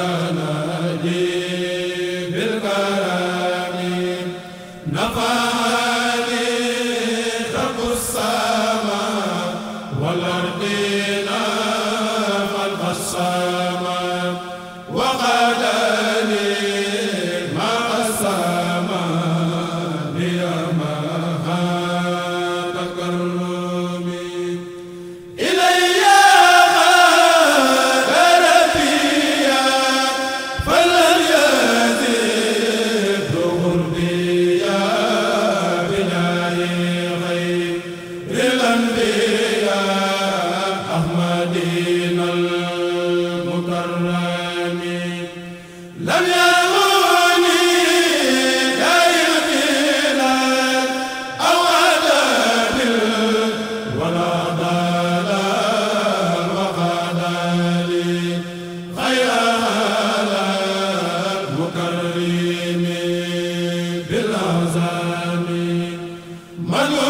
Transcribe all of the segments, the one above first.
rabbana لم يروني يقينا أو أدب ولا ضلال وقال لي خير المكرم بالأعزام من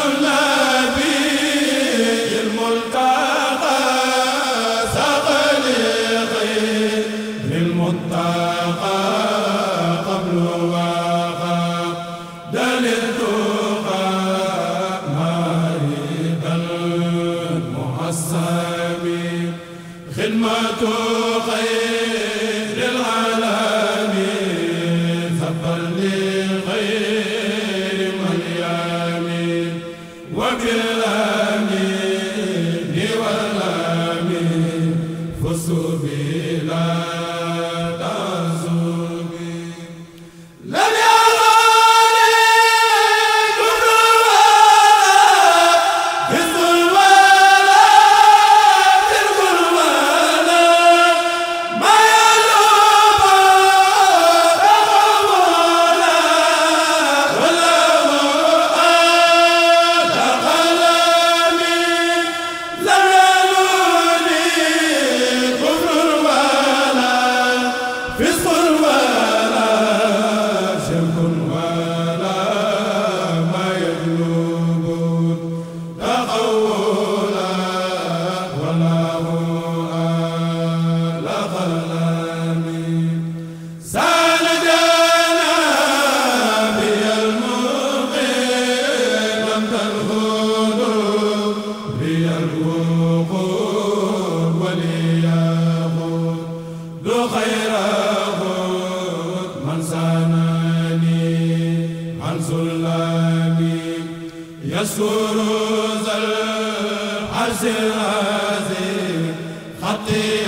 خير Fateh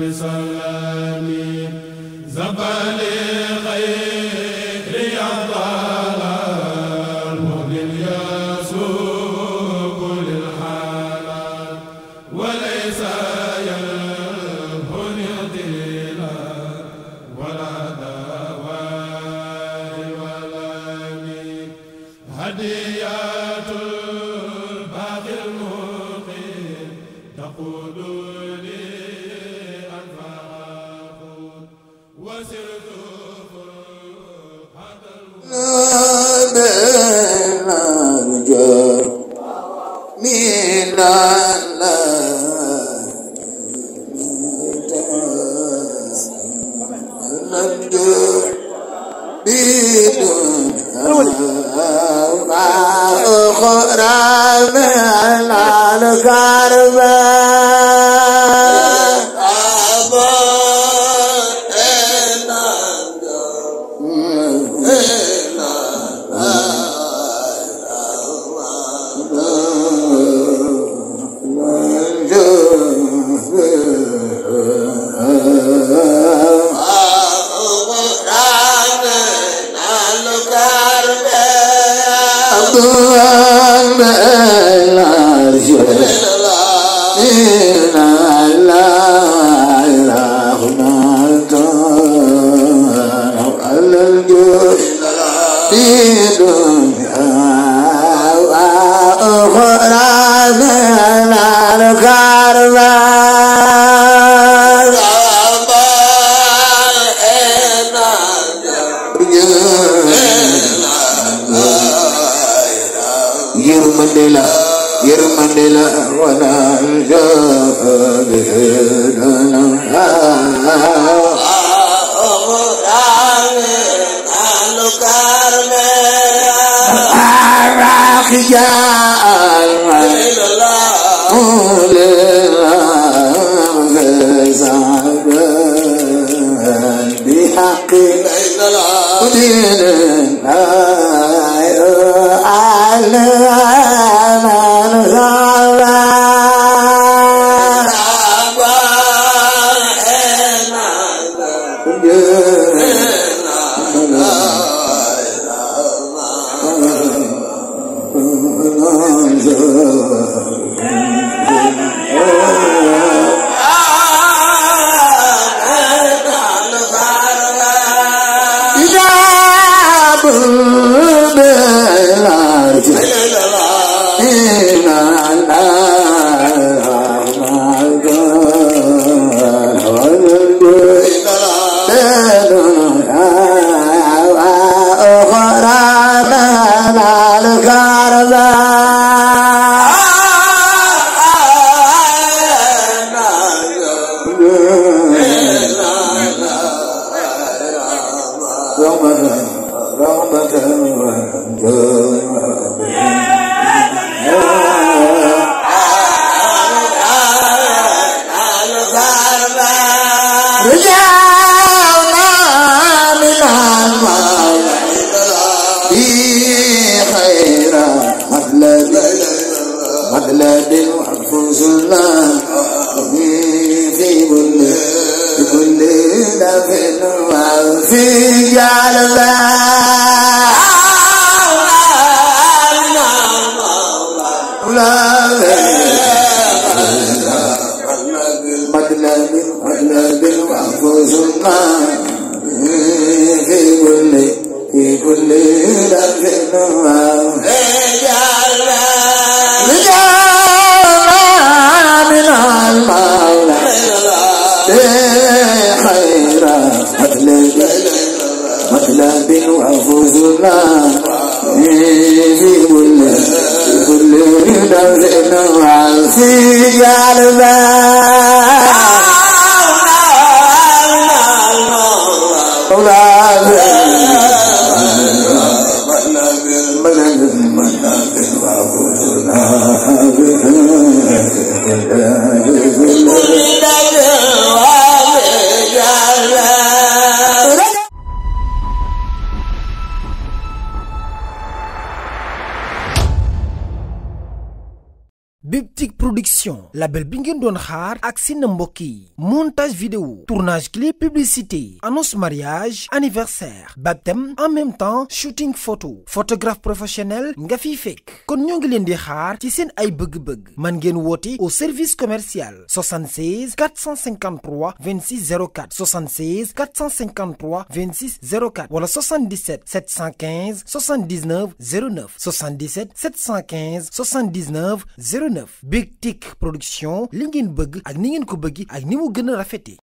بسلامي زبالي خير الضلال يسوق للحلال وليس يلهن الدلا ولا دواء ولا هديات من أخرى من الكربان Mandela, Yer Mandela, Wana بحق دين love رغبة رغبة وجوع خير مخلد مخلد وحفظ الله في كل نوع في قلبه label bi ngeen doon xaar montage vidéo tournage clip publicité annonce mariage anniversaire baptême en même temps shooting photo photographe professionnel nga fiy fekk kon ñoo ngi leen ay bëgg-bëgg au service commercial 76 453 26 04 76 453 26 04 wala 77 715 79 09 77 715 79 09 Big Tick production Lingin ngeen bëgg ak ni ngeen ko ak